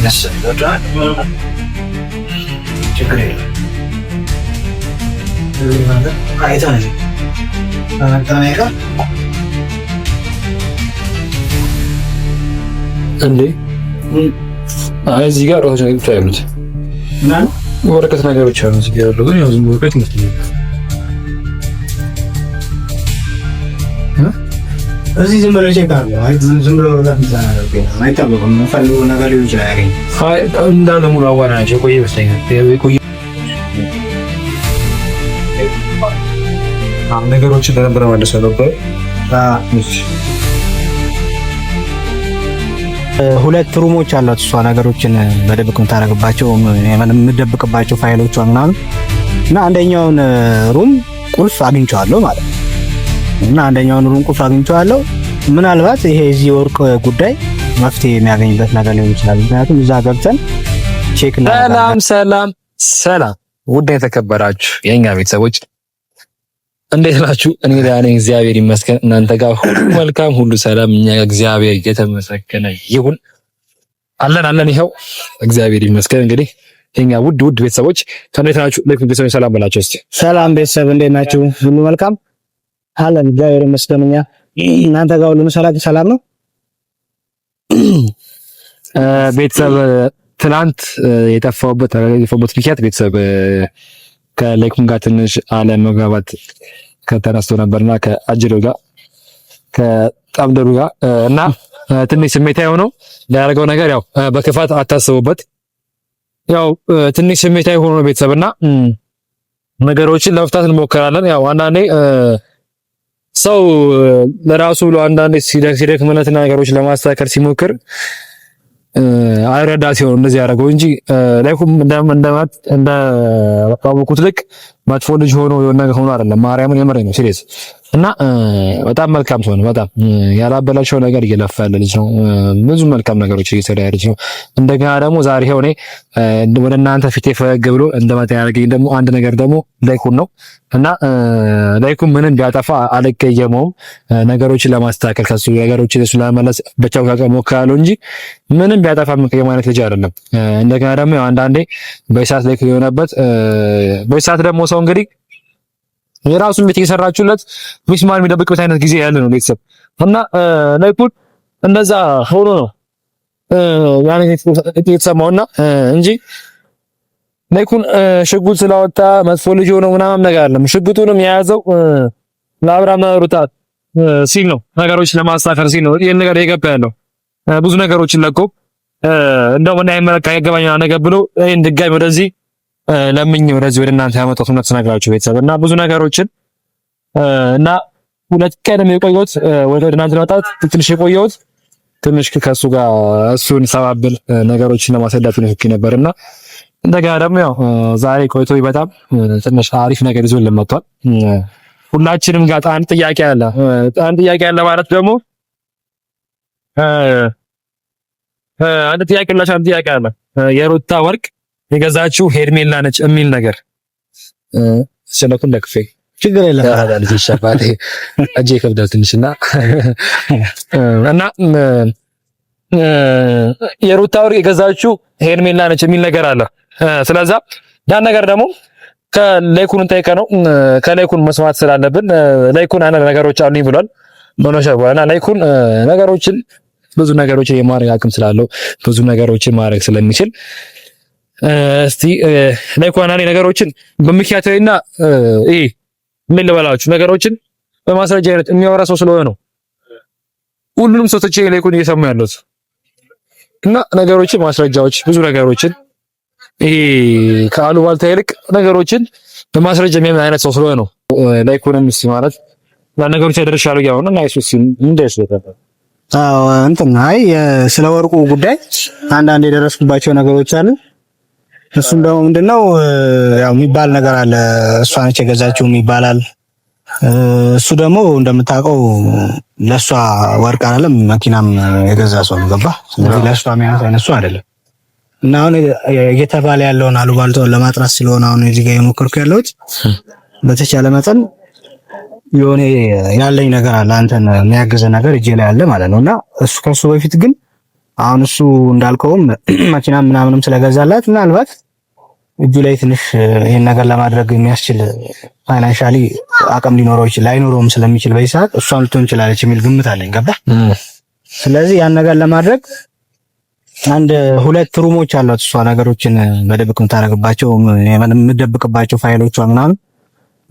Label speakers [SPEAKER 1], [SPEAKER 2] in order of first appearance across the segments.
[SPEAKER 1] bilirsin. Lütfen. Teşekkür ederim. Ürünlerde gayet
[SPEAKER 2] aynı. Taneka.
[SPEAKER 1] అండి జిగారు వచ్చిన టైం నుంచి వరకతనగా వచ్చాను జిగారులో వరకతనగా
[SPEAKER 2] እዚህ ዝም ብሎ ቼክ አድርጎ ዝም ብሎ መብላት አይጠበቅም። የምፈልገው ነገር ሊሆን ይችላል ያገኝ
[SPEAKER 1] እንዳለ ሙሉ አዋራ ናቸው። የቆየ ይመስለኛል። ነገሮችን ለነበረ መልሰው ነበር።
[SPEAKER 2] ሁለት ሩሞች አሏት እሷ ነገሮችን በደብቅ የምታደርግባቸው የምደብቅባቸው ፋይሎቿ ምናምን እና አንደኛውን ሩም ቁልፍ አግኝቼዋለሁ ማለት ነው እና አንደኛውን ሩን ቁልፍ አግኝቼዋለሁ። ምናልባት ይሄ እዚህ ወርቅ ጉዳይ መፍትሄ የሚያገኝበት ነገር ሊሆን ይችላል። ምክንያቱም እዛ ገብተን
[SPEAKER 1] ቼክ ሰላም ሰላም ሰላም ውድ የተከበራችሁ የእኛ ቤተሰቦች እንዴት ናችሁ? እንግዲህ እኔ እግዚአብሔር ይመስገን፣ እናንተ ጋር ሁሉ መልካም፣ ሁሉ ሰላም። እኛ ጋር እግዚአብሔር የተመሰገነ ይሁን አለን አለን። ይኸው እግዚአብሔር ይመስገን። እንግዲህ የኛ ውድ ውድ ቤተሰቦች ከእንዴት ናችሁ? ለክ ቤተሰቦች ሰላም ብላችሁ እስቲ።
[SPEAKER 2] ሰላም ቤተሰብ እንዴት ናችሁ? ሁሉ መልካም አለን እግዚአብሔር ይመስገን። እኛ እናንተ ጋር ሁሉ ሁሉም ሰላም ነው።
[SPEAKER 1] ቤተሰብ ትናንት የጠፋሁበት የጠፋሁበት ምክንያት ቤተሰብ ከሌኩም ጋር ትንሽ አለመግባባት ከተነስቶ ነበርና ከአጅሎ ጋር ከጣምደሩ ጋር እና ትንሽ ስሜታዊ ሆኖ ያደረገው ነገር ያው በክፋት አታስቡበት። ያው ትንሽ ስሜታዊ ሆኖ ቤተሰብ እና ነገሮችን ለመፍታት እንሞክራለን። ያው አንዳንዴ ሰው ለራሱ ብሎ አንዳንዴ ሲደክምለት ነገሮች ለማስተካከል ሲሞክር አይረዳ ሲሆን እንደዚህ ያደረገው እንጂ ላይኩም እንደማት እንደ ልክ መጥፎ ልጅ ሆኖ የሆነ ነገር ሆኖ አይደለም። ማርያምን የምሬ ነው ሲሪየስ እና በጣም መልካም ሰው ነው። በጣም ያላበላሸው ነገር እየለፋ ያለ ልጅ ነው። ብዙ መልካም ነገሮች እየሰራ ያለ ልጅ ነው። እንደገና ደግሞ ዛሬ ሆኔ ወደ እናንተ ፊቴ ፈገግ ብሎ እንደመጣ ያደርገኝ ደግሞ አንድ ነገር ደግሞ ላይኩን ነው እና ላይኩን ምንም ቢያጠፋ አልቀየመውም። ነገሮችን ለማስተካከል ከሱ ነገሮችን እሱ ለመለስ ብቻው ሞክራለሁ እንጂ ምንም ቢያጠፋ የምቀየም አይነት ልጅ አይደለም። እንደገና ደግሞ አንዳንዴ በሰዓት ላይኩን የሆነበት በሰዓት ደግሞ ሰው እንግዲህ የራሱን ቤት እየሰራችሁለት ሚስማር የሚደብቅበት አይነት ጊዜ ያለ ነው ቤተሰብ እና ላይፑድ እንደዛ ሆኖ ነው ያኔ የተሰማውና እንጂ ላይኩን ሽጉጥ ስላወጣ መጥፎ ልጅ ሆኖ ምናምን ነገር አለም። ሽጉጡንም የያዘው ለአብርሃምና ሩታ ሲል ነው፣ ነገሮች ለማስተካከል ሲል ነው ይሄን ነገር የገባ ያለው ብዙ ነገሮችን ለቆ እንደው ምን አይመለካ ያገባኛል ነገር ብሎ ይሄን ድጋሚ ወደዚህ ለምኝ ወደዚህ ወደ እናንተ ያመጣሁት እውነት ስነግራችሁ ቤተሰብ እና ብዙ ነገሮችን እና ሁለት ቀን የቆየሁት ወደ እናንተ ለመጣት ትንሽ የቆየሁት ትንሽ ከሱ ጋር እሱን ሰባብል ነገሮችን ለማስረዳት ነው ነበርና እንደገና ደግሞ ያው ዛሬ ቆይቶ በጣም ትንሽ አሪፍ ነገር ይዞ መጥቷል። ሁላችንም ጋር አንድ ጥያቄ አለ። አንድ ጥያቄ አለ ማለት ደግሞ አንድ ጥያቄ ሁላችን አንድ ጥያቄ አለ የሩታ ወርቅ የገዛችው ሄርሜላ ነች የሚል ነገር ስለኩን ለክፌ ችግር የለም
[SPEAKER 2] ታዲያ ሻፋቴ እጄ ይከብዳል ትንሽና
[SPEAKER 1] እና የሩታ ወርቅ የገዛችው ሄርሜላ ነች የሚል ነገር አለ። ስለዛ ዳን ነገር ደግሞ ከላይኩን ጠይቀ ነው ከላይኩን መስማት ስላለብን ላይኩን አንድ ነገሮች አሉኝ ብሏል። መኖሻ በኋላ ላይኩን ነገሮችን ብዙ ነገሮችን የማድረግ አቅም ስላለው ብዙ ነገሮችን ማድረግ ስለሚችል እስቲ ላይኳናኔ ነገሮችን በምክንያታዊና ይሄ ምን ልበላችሁ ነገሮችን በማስረጃ አይነት የሚያወራ ሰው ስለሆነ ነው ሁሉንም ሰው ተቼ ላይኩን እየሰማ ያለሁት እና ነገሮችን ማስረጃዎች ብዙ ነገሮችን ይሄ ከአሉባልታ ይልቅ ነገሮችን በማስረጃ የሚያምን አይነት ሰው ስለሆነ ነው ላይ ላይኩንም እስቲ ማለት እና ነገሮች ያደርሻሉ ያው እና አይሱስ እንደሽ ለተፈ
[SPEAKER 2] አዎ እንትን አይ ስለ ወርቁ ጉዳይ አንዳንድ የደረስኩባቸው ነገሮች አሉ እሱም ደግሞ ምንድነው ያው የሚባል ነገር አለ። እሷ ነች የገዛችውም ይባላል። እሱ ደግሞ እንደምታውቀው ለእሷ ወርቅ አይደለም መኪናም የገዛ ሰው ነው። ገባ። ስለዚህ ለእሷ የሚያንስ አይነሱ አይደለም። እና አሁን እየተባለ ያለውን አሉባልታውን ለማጥራት ስለሆነ አሁን እዚህ ጋር የሞከርኩ ያለሁት በተቻለ መጠን የሆነ ያለኝ ነገር አለ አንተን የሚያግዘ ነገር እጄ ላይ አለ ማለት ነው እና እሱ ከሱ በፊት ግን አሁን እሱ እንዳልከውም መኪና ምናምንም ስለገዛላት ምናልባት እጁ ላይ ትንሽ ይህን ነገር ለማድረግ የሚያስችል ፋይናንሻሊ አቅም ሊኖረው ይችል ላይኖረውም ስለሚችል በዚህ ሰዓት እሷም ልትሆን ይችላለች የሚል ግምት አለኝ። ገባ። ስለዚህ ያን ነገር ለማድረግ አንድ ሁለት ሩሞች አሏት እሷ ነገሮችን በደብቅ የምታደርግባቸው የምደብቅባቸው ፋይሎቿ ምናምን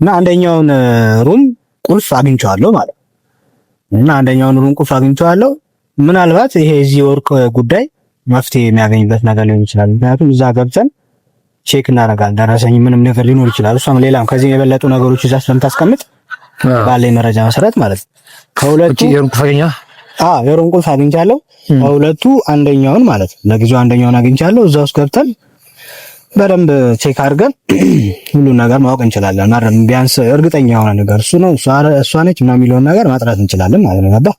[SPEAKER 2] እና አንደኛውን ሩም ቁልፍ አግኝቼዋለሁ ማለት እና አንደኛውን ሩም ቁልፍ አግኝቼዋለሁ ምናልባት ይሄ እዚህ ወርቅ ጉዳይ መፍትሄ የሚያገኝበት ነገር ሊሆን ይችላል። ምክንያቱም እዛ ገብተን ቼክ እናደርጋለን። ደረሰኝ ምንም ነገር ሊኖር ይችላል። እሷም ሌላም ከዚህም የበለጡ ነገሮች እዛ ስለምታስቀምጥ ባለኝ መረጃ መሰረት ማለት ነው። ከሁለቱ ቁልፍ አገኛ ቁልፍ አግኝቻለሁ። ከሁለቱ አንደኛውን ማለት ነው ለጊዜው አንደኛውን አግኝቻለሁ። እዛ ውስጥ ገብተን በደንብ ቼክ አድርገን ሁሉን ነገር ማወቅ እንችላለን። ቢያንስ እርግጠኛ የሆነ ነገር እሱ ነው እሷ ነች ምናምን የሚለውን ነገር ማጥራት እንችላለን ማለት ነው።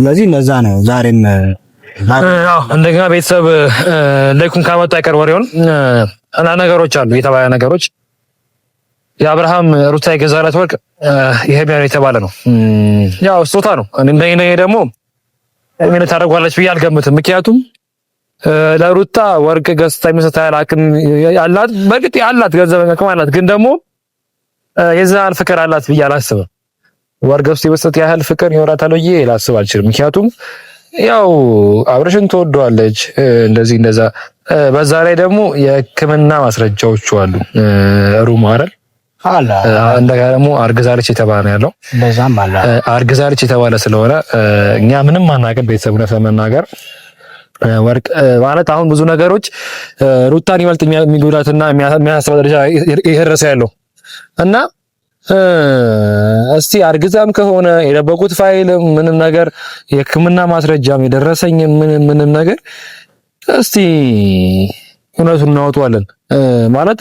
[SPEAKER 2] ስለዚህ እነዛ ነው ዛሬም
[SPEAKER 1] እንደገና ቤተሰብ ለይኩን ካመጣ አይቀር ወሬውን እና ነገሮች አሉ የተባለ ነገሮች የአብርሃም ሩታ የገዛላት ወርቅ የሄሚያ ነው የተባለ ነው። ያው ስጦታ ነው። እንደኔ ነኝ ደግሞ ሄሚያ ታደርጓለች ብዬ አልገምትም። ምክንያቱም ለሩታ ወርቅ ገዝታ የሚሰጥ ያህል አቅም ያላት በእርግጥ ያላት ገንዘብ አቅም አላት፣ ግን ደግሞ የዛን ፍቅር አላት ብዬ አላስብም። ዋር ውስጥ የመስጠት ያህል ፍቅር ይኖራታል ብዬ ላስብ አልችልም። ምክንያቱም ያው አብረሽን ትወደዋለች እንደዚህ እንደዛ። በዛ ላይ ደግሞ የሕክምና ማስረጃዎቹ አሉ ሩም አይደል አላ ደግሞ አርግዛለች የተባለ ያለው
[SPEAKER 2] እንደዛም አላ
[SPEAKER 1] አርግዛለች የተባለ ስለሆነ እኛ ምንም አናውቅም። ቤተሰብ እውነት ለመናገር ወርቅ ማለት አሁን ብዙ ነገሮች ሩታን ይበልጥ የሚጎዳትና የሚያሳስበ ደረጃ እየደረሰ ያለው እና እስቲ አርግዛም ከሆነ የደበቁት ፋይል ምንም ነገር የሕክምና ማስረጃም የደረሰኝ ምንም ምንም ነገር እስቲ እውነቱን እናወጣለን ማለት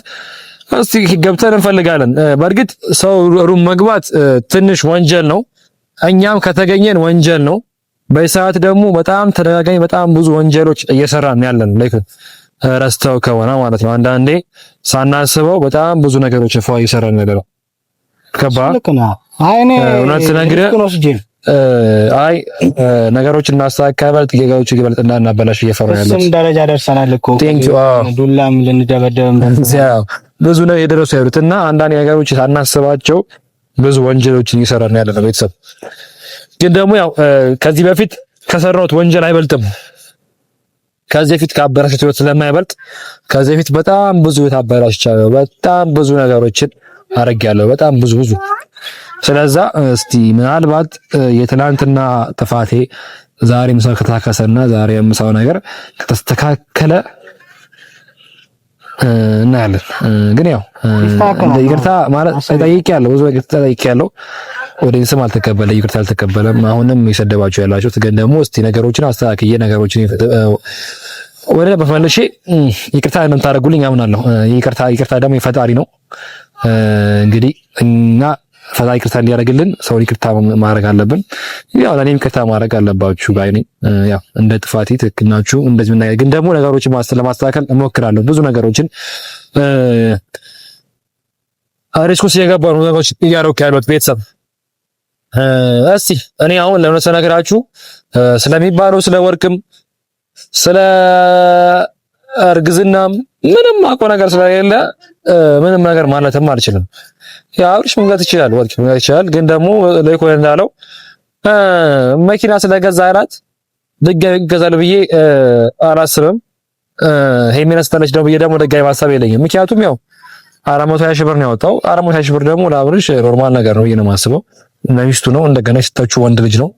[SPEAKER 1] እስቲ ገብተን እንፈልጋለን። በእርግጥ ሰው ሩም መግባት ትንሽ ወንጀል ነው። እኛም ከተገኘን ወንጀል ነው። በሰዓት ደግሞ በጣም ተደጋጋሚ በጣም ብዙ ወንጀሎች እየሰራን ያለን ላይክ ረስተው ከሆነ ማለት ነው። አንዳንዴ ሳናስበው በጣም ብዙ ነገሮች እየሰራን ያለ ነው። አይ ነገሮች እናስተካክል በል ጥያቄዎች ይበልጥ እንዳናበላሽ እየፈራ ያለ እሱም
[SPEAKER 2] ደረጃ ደርሰናል እኮ ዱላም ልንደበደብም
[SPEAKER 1] ብዙ ነው የደረሱ ያሉት እና አንዳንድ ነገሮች ሳናስባቸው ብዙ ወንጀሎችን እየሰራን ያለ ነው። ቤተሰብ ግን ደግሞ ያው ከዚህ በፊት ከሰራሁት ወንጀል አይበልጥም። ከዚህ በፊት ከአበላሽ ህይወት ስለማይበልጥ ከዚህ በፊት በጣም ብዙ የታበላሽ ይቻላል። በጣም ብዙ ነገሮችን አድርጌያለሁ። በጣም ብዙ ብዙ። ስለዛ እስቲ ምናልባት የትናንትና ጥፋቴ ዛሬ ምሳ ከተካከሰና ዛሬ ምሳው ነገር ከተስተካከለ እናያለን። ግን ያው ይቅርታ ማለት ጠይቄያለሁ፣ ብዙ ይቅርታ ጠይቄያለሁ። ወደንስም አልተቀበለ ይቅርታ አልተቀበለም። አሁንም የሰደባችሁ ያላችሁት ግን ደግሞ እስቲ ነገሮችን አስተካክዬ ነገሮችን ወደ በፈለሽ ይቅርታ እንደምታደርጉልኝ አምናለሁ። ይቅርታ ይቅርታ ደግሞ የፈጣሪ ነው። እንግዲህ እና ፈጣሪ ይቅርታ እንዲያደርግልን ሰው ይቅርታ ማድረግ አለብን። ያው ለእኔም ይቅርታ ማድረግ አለባችሁ። ባይኔ ያው እንደ ጥፋቴ ትክክል ናችሁ። እንደዚህ ምናገር ግን ደግሞ ነገሮችን ለማስተካከል እሞክራለሁ። ብዙ ነገሮችን ሪስክ ውስጥ የገባ ነው ነገሮች እያደረኩ ያሉት ቤተሰብ እስቲ እኔ አሁን ለእውነት ነገራችሁ ስለሚባለው ስለ ወርቅም ስለ እርግዝናም ምንም አቆ ነገር ስለሌለ ምንም ነገር ማለትም አልችልም። አብርሽ መንገድ ይችላል፣ ወልክ መንገድ ይችላል። ግን ደግሞ ለይኮ እንዳለው መኪና ስለገዛ አላት ድጋሚ ይገዛል ብዬ አላስብም። ሄሜና ስታለች ደግሞ ብዬ ደግሞ ድጋሚ ማሰብ የለኝም። ምክንያቱም ያው አራት መቶ ሺህ ብር ነው ያወጣው። አራት መቶ ሀያ ሺህ ብር ደግሞ ለአብርሽ ኖርማል ነገር ነው ብዬ ነው የማስበው። ሚስቱ ነው። እንደገና የሰጠችው ወንድ ልጅ ነው።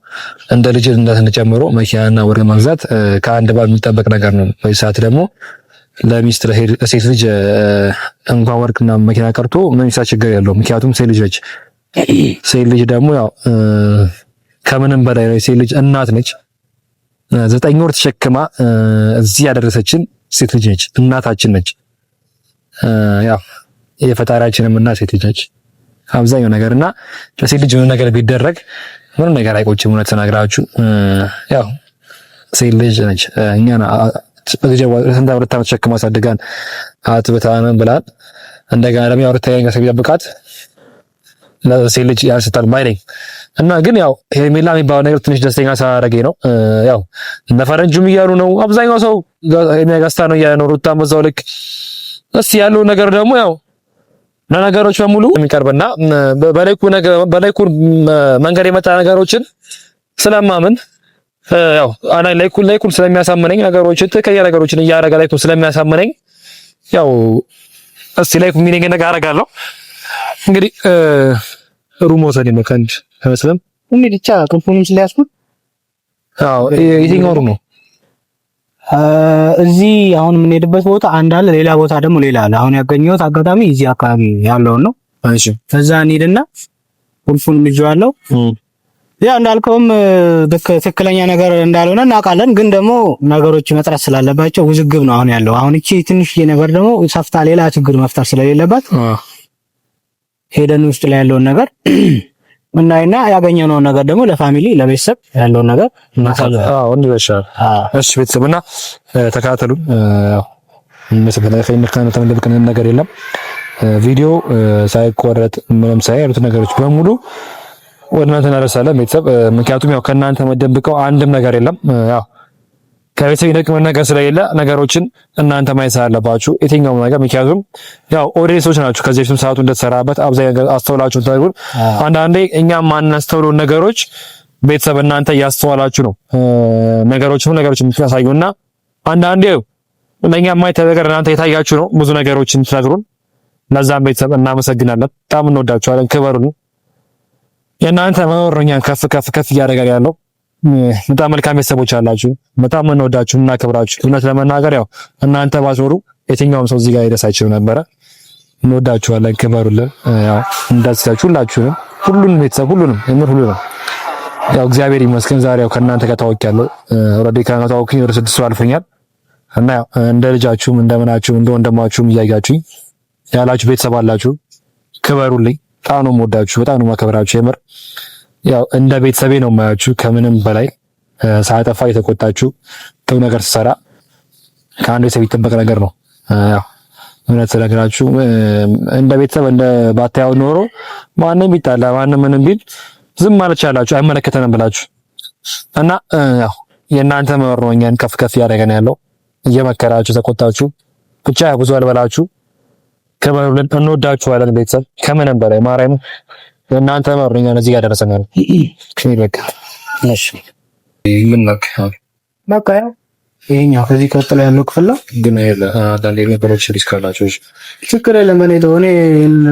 [SPEAKER 1] እንደ ልጅ እንደተነ ጨምሮ መኪናና ወርቅ መግዛት ከአንድ ባል የሚጠበቅ ነገር ነው። በዚህ ሰዓት ደግሞ ለሚስት ሴት ልጅ እንኳን ወርቅና መኪና ቀርቶ ምንም ችግር ያለው ምክንያቱም ሴት ልጅ ነች። ሴት ልጅ ደግሞ ያው ከምንም በላይ ነው። ሴት ልጅ እናት ነች። ዘጠኝ ወር ተሸክማ እዚህ ያደረሰችን ሴት ልጅ ነች፣ እናታችን ነች። ያው የፈጣሪያችንም እናት ሴት ልጅ ነች። አብዛኛው ነገር እና ለሴት ልጅ የሆነ ነገር ቢደረግ ምንም ነገር አይቆጭም። እውነት ተናግራችሁ ያው ሴት ልጅ ነች። እኛን ስንት ሁለት ዓመት ሸክማ አሳድጋን አትብታንም ብላን እንደገና ደግሞ ያው ጋር ቢጠብቃት ለሴት ልጅ ያስታል ማይለኝ እና ግን ያው ሄርሜላ የሚባለው ነገር ትንሽ ደስተኛ ሳያደርገኝ ነው። ያው እነ ፈረንጁም እያሉ ነው፣ አብዛኛው ሰው የሚያጋስታ ነው እያለ ነው። ሩታ በዛው ልክ እስኪ ያለው ነገር ደግሞ ያው ነገሮች በሙሉ የሚቀርብና በላይኩን መንገድ የመጣ ነገሮችን ስለማምን ያው አና ላይኩ ላይኩ ስለሚያሳምነኝ ነገሮችን ትክክለኛ ነገሮችን እያደረገ ላይኩ ስለሚያሳምነኝ ያው እስቲ ላይኩ ሚኒንግ ነገር አደርጋለሁ። እንግዲህ ሩም ወሰድ ነው ከአንድ አይመስልም
[SPEAKER 2] እንግዲህ ብቻ ቅንፉንም ስለያዝኩት
[SPEAKER 1] አዎ የትኛው ሩም ነው?
[SPEAKER 2] እዚህ አሁን የምንሄድበት ቦታ አንድ አለ፣ ሌላ ቦታ ደግሞ ሌላ አለ። አሁን ያገኘሁት አጋጣሚ እዚህ አካባቢ ያለውን ነው። እሺ፣ ከዛ እንሂድና ቁልፉን ምጅዋለው። ያ እንዳልከውም ትክክለኛ ነገር እንዳልሆነ እናውቃለን፣ ግን ደግሞ ነገሮች መጥራት ስላለባቸው ውዝግብ ነው አሁን ያለው። አሁን እቺ ትንሽዬ ነገር ደግሞ ሰፍታ ሌላ ችግር መፍጠር ስለሌለባት ሄደን ውስጥ ላይ ያለውን ነገር ምናይና ያገኘነውን ነገር ደግሞ ለፋሚሊ ለቤተሰብ ያለውን ነገር
[SPEAKER 1] እናሳልእሺ ቤተሰብ እና ተከታተሉ። ምስልከነተምልብቅንን ነገር የለም ቪዲዮ ሳይቆረጥ ምንም ሳይ ያሉት ነገሮች በሙሉ ወደ እናንተ እናደርሳለን ቤተሰብ። ምክንያቱም ያው ከእናንተ መደብቀው አንድም ነገር የለም ያው ከቤተሰብ ይልቅ ነገር ስለሌለ ነገሮችን እናንተ ማየት ስላለባችሁ የትኛውም ነገር ምክንያቱም ያው ኦዲየንሶች ናችሁ። ከዚህ በፊትም ሰዓቱ እንደተሰራበት አብዛኛው ነገር አስተውላችሁ ታይጉን። አንዳንዴ እኛም ማናስተውሉ ነገሮች ቤተሰብ እናንተ እያስተዋላችሁ ነው ነገሮች ነገሮች የምታሳዩና አንዳንዴ ለእኛ ማየት ነገር እናንተ የታያችሁ ነው ብዙ ነገሮችን ትነግሩን። ለዛም ቤተሰብ እናመሰግናለን። በጣም እንወዳችኋለን። ክበሩን። የእናንተ መኖር ነው እኛን ከፍ ከፍ ከፍ እያደረገ ያለው በጣም መልካም ቤተሰቦች አላችሁ። በጣም እንወዳችሁ፣ ክብራችሁ። እውነት ለመናገር ያው እናንተ ባትኖሩ የትኛውም ሰው እዚህ ጋር ይደርስ አይችልም ነበረ። እንወዳችኋለን፣ ክበሩልን። ያው እንዳስቻችሁ ሁላችሁንም፣ ሁሉንም ቤተሰብ ሁሉንም የምር ነው ያው እግዚአብሔር ይመስገን ዛሬ ያው ከእናንተ ጋር ታውቂያለሁ። ኦልሬዲ ከእናንተ ወደ ስድስት ወር አልፎኛል እና ያው እንደ ልጃችሁም እንደምናችሁም እንደ ወንድማችሁም እያያችሁኝ ያላችሁ ቤተሰብ አላችሁ። ክበሩልኝ። በጣም ነው የምወዳችሁ፣ በጣም ነው የማከብራችሁ የምር ያው እንደ ቤተሰቤ ነው የማያችሁ። ከምንም በላይ ሳያጠፋ የተቆጣችሁ ጥሩ ነገር ስሰራ ከአንድ ቤተሰብ ይጠበቅ ነገር ነው። ያው እውነት ስለግራችሁ እንደ ቤተሰብ እንደ ባታያው ኖሮ ማንም ይጣላ ማንም ምንም ቢል ዝም ማለት ቻላችሁ፣ አይመለከተንም ብላችሁ እና ያው የእናንተ መኖር ነው እኛን ከፍ ከፍ ያደረገን ያለው እየመከራችሁ ተቆጣችሁ፣ ብቻ ብዙ አልበላችሁ። ከበሉልን። እንወዳችኋለን ቤተሰብ ከምንም በላይ ማርያም እናንተ መርኛ እዚህ ጋር ደረሰን ነው። በቃ እሺ፣
[SPEAKER 2] በቃ ያው ይሄኛው ከዚህ ቀጥሎ ያለው ክፍል ነው።
[SPEAKER 1] ግን አንዳንድ ነገሮች ሪስክ አላቸው።
[SPEAKER 2] ችግር የለም። እኔ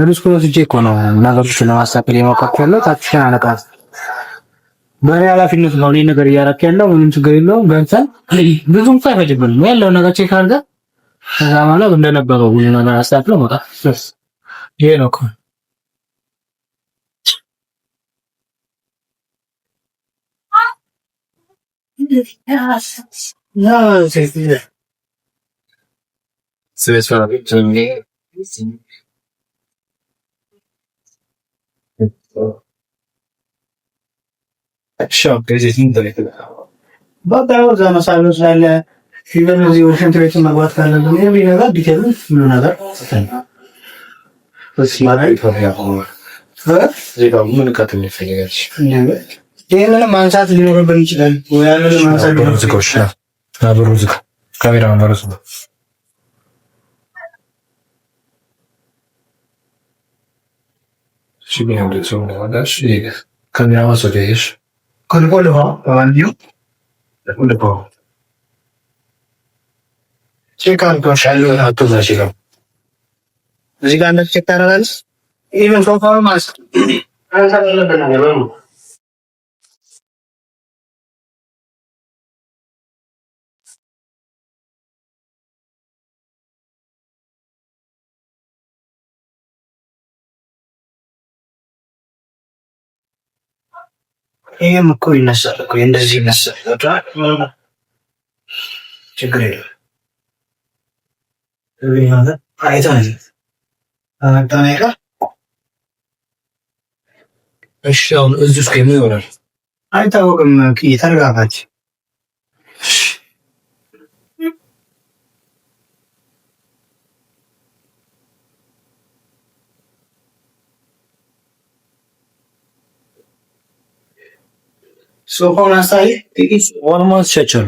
[SPEAKER 2] ሪስኩ ነው ወስጄ እኮ ነው ነገሮችን ለማስተካከል የሞከርኩት ያለው ታክሽን አለቃ በእኔ ኃላፊነት ነው ይሄ ነገር እያደረክ ያለው ምንም ችግር የለውም። ገብተን ብዙም እንኳን አይፈጅብንም ያለው ነገር ቼክ አድርገን
[SPEAKER 1] ከዛ ማለት እንደነበረው ሁሉ ነገር አስተካክለው መውጣት ይሄ ነው እኮ
[SPEAKER 2] No, şekliyle.
[SPEAKER 1] Süreç var abi. Şimdi Şok gazetini de
[SPEAKER 2] बताओ जनसाधारण साइले जीवन रिवोल्यूशन तो इतना बात कर रहे हैं भी ना डिटेल में ना था तो स्मार्ट
[SPEAKER 1] हो गया और हाँ जी का मन का तो नहीं फैलेगा
[SPEAKER 2] नहीं ይህንን ማንሳት ሊኖርብን ይችላል።
[SPEAKER 1] ያንን ማንሳት ካሜራ ማንበረሱ እዚህ ጋር
[SPEAKER 2] ቼክ ታደርጋለህ። ይህም እኮ ይነሳል እኮ እንደዚህ ይነሳል።
[SPEAKER 1] ችግር የለም። እሺ አሁን እዚህ ውስጥ ምን ይሆናል
[SPEAKER 2] አይታወቅም። ተረጋጋች ስለሆነ ሳይ ጥቂት ወልማስ ቸቸሩ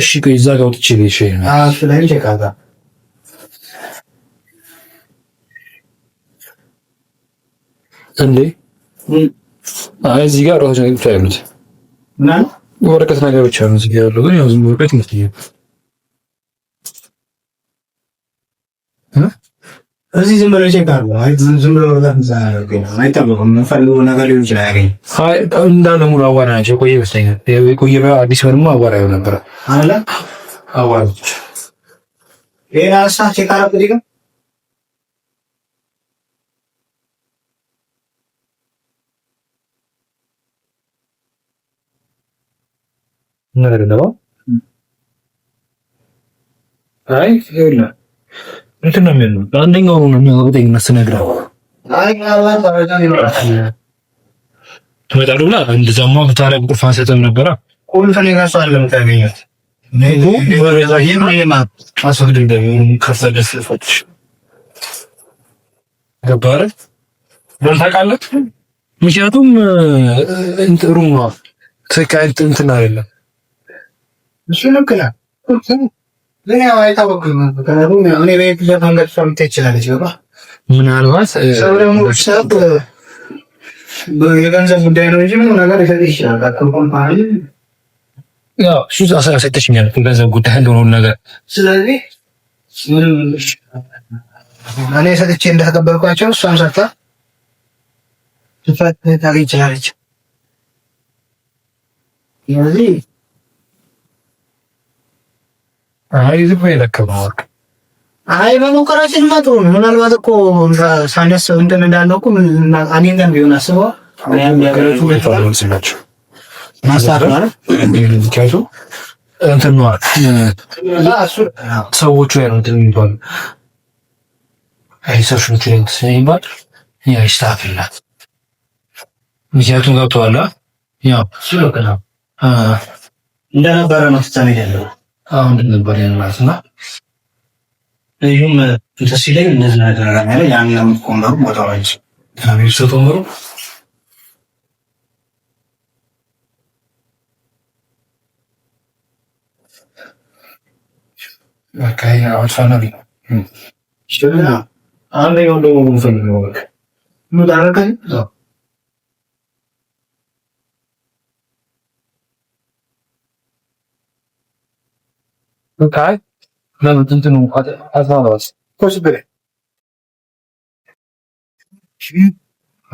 [SPEAKER 1] እሺ፣ ቆይ እዛ ጋር ወጥቼ ልሽ
[SPEAKER 2] አሽ ላይ ቸካታ
[SPEAKER 1] እንዴ አይ እዚህ ጋር ሮሽ ነው ያሉት እና ወረቀት ነገሮች አሉ እዚህ ያሉ ግን ያው ዝም ወረቀት ይመስለኛል።
[SPEAKER 2] እዚህ ዝም ብሎ ቼክ አድርጎ ዝም ብሎ አይጠበቅም። የምፈልገው ነገር ሊሆን ይችላል።
[SPEAKER 1] እንዳለ ሙሉ አዋራ ናቸው። የቆየ ይመስለኛል። የቆየ አዲስ ወንድሞ አዋራ ይሆን ነበረ አለ አዋራች
[SPEAKER 2] ሌላ ሳ ቼክ አረብ ዲጋ ነገር አይ ይኸውልህ
[SPEAKER 1] እንትን ነው የሚሆነው።
[SPEAKER 2] አንደኛው ነው የሚሆነው። በጤንነት ስነግረህ
[SPEAKER 1] ትመጣለህ ብላ እንደዛማ ብታረግ ቁልፍ አንሰጥም ነበረ።
[SPEAKER 2] ቁልፍ እኔ ጋር አለ የምታገኛት ታውቃለህ።
[SPEAKER 1] ምክንያቱም ጥሩ ነው። ትክክል እንትን አይደለም
[SPEAKER 2] እሱ ልክ ነህ ግን ያው አይታወቅም። ምክንያቱም እኔ ቤት ለመንገድ ሰምታ ይችላለች። በቃ ምናልባት ሰው ደግሞ ሰብ የገንዘብ ጉዳይ ነው እንጂ ምንም ነገር ይሰጥ ይችላል። ኮምፓኒ
[SPEAKER 1] ያው እሱ አሳይተሽኛል የገንዘብ ጉዳይ እንደሆነ ነገር።
[SPEAKER 2] ስለዚህ እኔ ሰጥቼ እንዳቀበልኳቸው እሷም ሰጥታ ልፈት ታገኝ ይችላለች። ስለዚህ
[SPEAKER 1] አይ ዝም ብዬ ለከመው አውቅ
[SPEAKER 2] አይ በመቆራችን ማጥሩ ምናልባት እኮ ሳነስ እንትን እንዳለው እኮ እኔ እንትን ቢሆን አስበው ሰዎቹ
[SPEAKER 1] ምክንያቱም ገብተዋል ያው
[SPEAKER 2] እንደነበረ ነው ፍጻሜ ያለው
[SPEAKER 1] እንደነበር ያላትና
[SPEAKER 2] ይሁም ደስ ይለኝ እንደዚህ ነገር ያለ ያንን ቆመሩ ቦታዎች
[SPEAKER 1] ከቤት ስትመሩ አንደኛውን ደግሞ ምፈልግ ነው በቃ ምን ታረቀኝ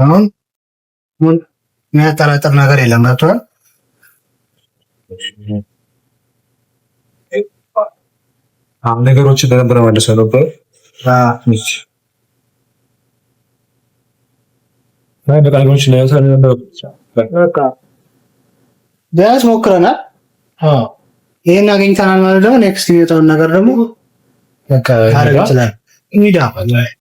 [SPEAKER 1] አሁን
[SPEAKER 2] የሚያጠራጥር ነገር የለም። ገብቶሃል?
[SPEAKER 1] ነገሮችን በደንብ ለመለሰው ነበር
[SPEAKER 2] ቢያንስ ሞክረናል። ይህን አገኝተናል ማለት ደግሞ ኔክስት የሚወጣውን ነገር ደግሞ ታደርግ ይችላል
[SPEAKER 1] ሚዳ